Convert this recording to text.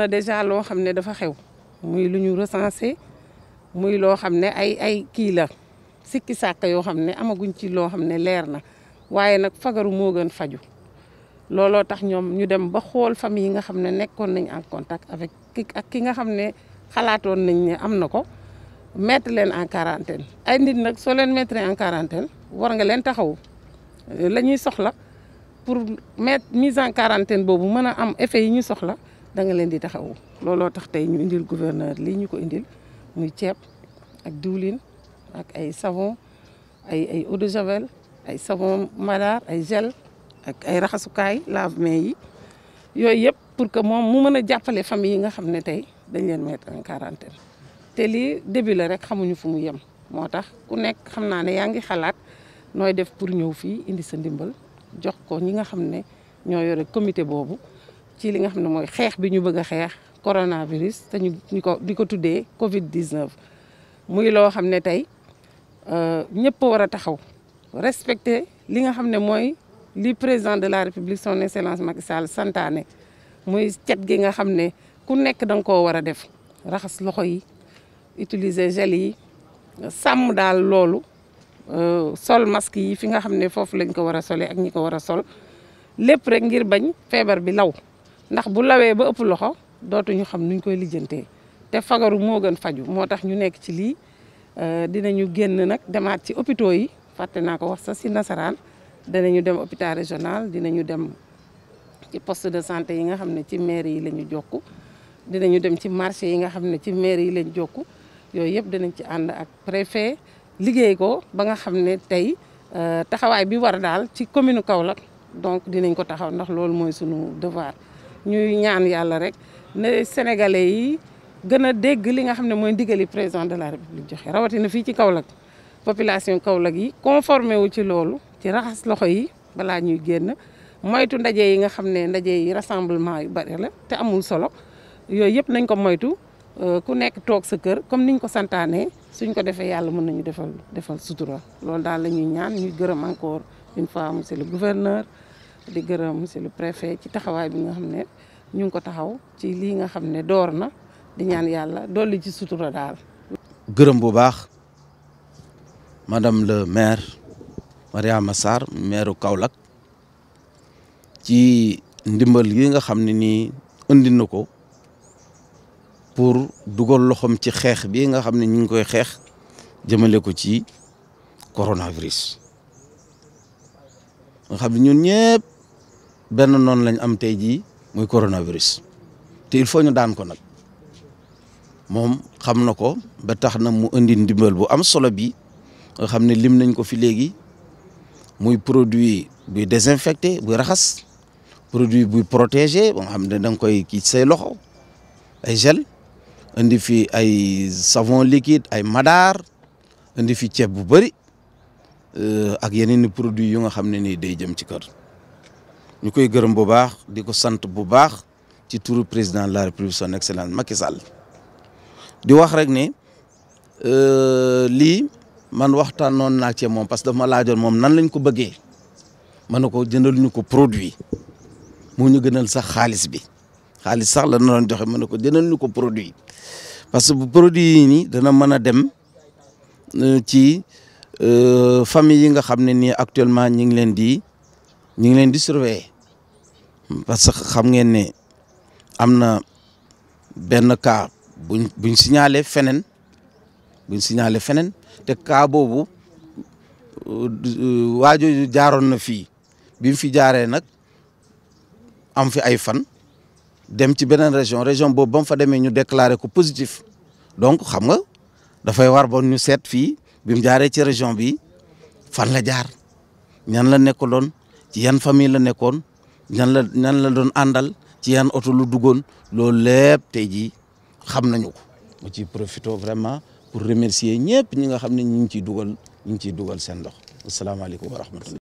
na déjà loo xam ne dafa xew muy lu ñu recensé muy loo xam ne ay ay kii la sikki sàkk yoo xam ne amaguñ ci loo xam ne leer na waaye nag fagaru moo gën faju looloo tax ñoom ñu dem ba xool famille yi nga xam ne nekkoon nañ en contact avec ki ak ki nga xam ne xalaatoon nañ ne am na ko mettre leen en quarantaine ay nit nag soo leen mettre en quarantaine war nga leen taxaw la ñuy soxla pour mettre mise en quarantaine boobu mën a am effet yi ñuy soxla da nga leen di taxawu looloo tax tey ñu indil gouverneur lii ñu ko indil muy ceeb ak diwlin ak ay savon ay ay eau de javel ay savon madar ay gel ak ay raxasukaay la mais yi yooyu yëpp pour que moom mu mën a jàppale famille yi nga xam ne tey dañ leen mettre en quarantaine te lii début rek xamuñu fu mu yem moo tax ku nekk xam naa ne yaa ngi xalaat nooy def pour ñëw fii indi sa ndimbal jox ko ñi nga xam ne ñoo yore comité boobu ci li nga xam ne mooy xeex bi ñu bëgg a xeex coronavirus te ñu ñu ko di ko tuddee Covid 19. muy loo xam ne tey euh, ñëpp war a taxaw respecter li nga xam ne mooy li président de la république son excellence Macky Sall santaane muy cet gi nga xam ne ku nekk da nga koo war a def raxas loxo yi utiliser gel yi sàmm daal loolu. Euh, sol masque yi fi nga xam ne foofu lañ ko war a solee ak ñi ko war a sol lépp rek ngir bañ feebar bi law ndax bu lawee ba ëpp loxo dootuñu xam nuñ koy lijjantee te fagaru moo gën faju moo tax ñu nekk ci lii euh, dinañu génn nag demaat ci hôpitaux yi fàtte naa ko wax sa si nasaraan danañu dem hôpital régional dinañu dem ci poste de santé yi nga xam ne ci mairie yi la ñu jokku dinañu dem ci marché yi nga xam ne ci mairie yi lañ jokku yooyu yëpp dinañ ci ànd ak préfet liggéey ko ba nga xam ne tey euh, taxawaay bi war daal ci commune Kaolack donc dinañ ko taxaw ndax loolu mooy sunu devoir ñuy ñaan yàlla rek ne sénégalais yi gën a dégg li nga xam ne mooy ndigali président de la république joxe rawatina fii ci Kaolack population Kaolack yi conformé wu ci loolu ci raxas loxo yi balaa ñuy génn moytu ndaje yi nga xam ne ndaje yi rassemblement yu bari la te amul solo yooyu yëpp nañ ko moytu euh, ku nekk toog sa kër comme niñ ko santaanee suñ ko defee yàlla mën nañu defal defal sutura loolu daal la ñaan ñuy gërëm encore une fois monsieur le gouverneur di gërëm monsieur le préfet ci taxawaay bi nga xam ne ñu ngi ko taxaw ci lii nga xam ne door na di ñaan yàlla dolli ci sutura daal. gërëm bu baax madame le maire Mariama Sarr maire kawlak ci ndimbal yi nga xam ne nii indi ko pour dugal loxoom ci xeex bi nga xam ne ñu ngi koy xeex jëmale ko ci coronavirus. nga xam ne ñun ñëpp benn noonu lañ am tey jii muy coronavirus te il ñu daan ko nag moom xam na ko ba tax na mu indi ndimbal bu am solo bi nga xam ne lim nañ ko fi léegi muy produit buy désinfecté buy raxas produit buy protégé ba nga xam ne da koy kii say loxo ay gel indi fi ay savon liquide ay madaar indi fi ceeb bu bëri euh, ak yeneen i produits yu nga xam ne nii day jëm ci kër. ñukoy gërëm bu baax diko ko sant bu baax ci turu président de la république son excellence Macky Sall di wax rek ne euh, li man non na ci mom parce que nan lañ ko bëggé jëndal ñu produit mo ñu gënal sax xaalis bi xaalis sax la non joxe ma ko jëndal ñu ko produit parce produit ni dana mëna dem euh, ci euh, famille yi nga Ninglendi, Ninglendi actuellement ñing leen di ñing leen di surveiller parce que xam ngeen ne am na benn cas buñ buñ feneen buñ signalé feneen te cas boobu euh, waajooju jaaroon na fii bi mu fi jaaree nag am fi ay fan dem ci beneen région région boobu bam fa demee ñu déclaré ko positif donc xam nga dafay war bon ñu seet fii bi mu jaaree ci région bi fan la jaar ñan la nekkaloon ci yan famille la nekkoon ñan la ñan la doon àndal ci yan auto lu duggoon loolu lepp tay ji xam nañu ko mu ciy profito vraiment pour remercier ñepp ñi nga xam ñi ñu ciy dugal ñi ngi ciy dugal dox loxo alaykum wa rahmatullah